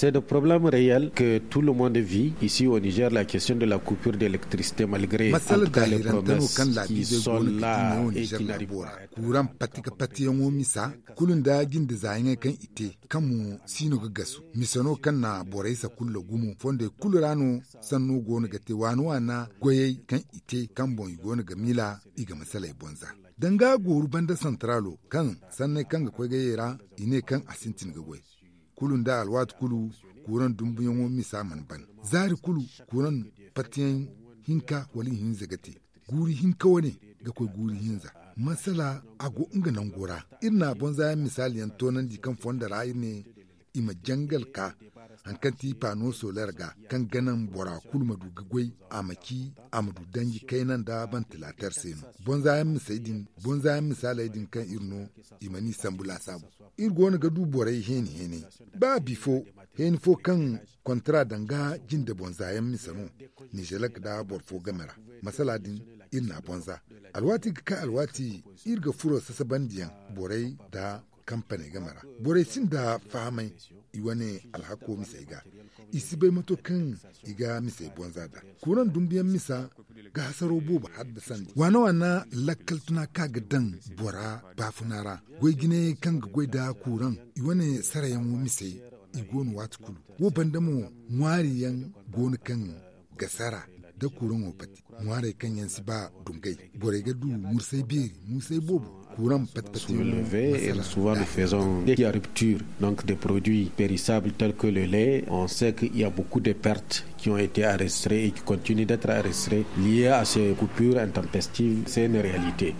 C'est le problème réel que tout le monde vit ici au Niger, la question de la coupure d'électricité malgré en tout cas, les promesses qui sont là et qui n'arrivent pas. patika pati yango misa kulun da gin da zayen kan ite kan kamu sino ga gasu misano kan na borai sa kullo gumu fonde kulurano sannu gonu ga te wanu wana goyei kan ite kan bon gonu ga mila iga masalai bonza danga goru banda santralo kan sanne kan ga koyga yera ine kan asintin ga goyi kulun da alwat kulu kuran dumbuyan wani saman ban zari kulu kuran patiyan hinka wani hin zagate guri hinka wani ga kai guri hinza masala a inga nan gora irna bonza misali yan tonan di kan fonda ne ima jangal ka kan tifa no solar ga kan ganan bora kulma dugugwai amaki amadu dangi kainan da ban tilatar seno bon zayan misaidin bon zayan kan irno imani sambula sabu irgo na gadu borai heni heni ba bifo heni fo kan kontra danga jin da bon zayan ni jelak da borfo gamera din irna bonza alwati ka alwati irga furo sasa bandiyan borai da kamfani gamara bore sin da fahamai iwane alhako misa iga isi bai mato kan iga misa buwan zada dumbiyan misa ga hasaro boba haddasan wana wana lakkal lakaltuna ka dan bora bafunara gwai gine kan ga gwai da kuran iwane sarayen mu misa gonu watukulu wo bandamo yan gonu kan gasara da kuran du bobo et souvent nous faisons dès qu'il a rupture donc des produits périssables tels que le lait on sait qu'il y a beaucoup de pertes qui ont été arrestées et qui continuent d'être arrestées liées à ces coupures intempestives. C'est une réalité.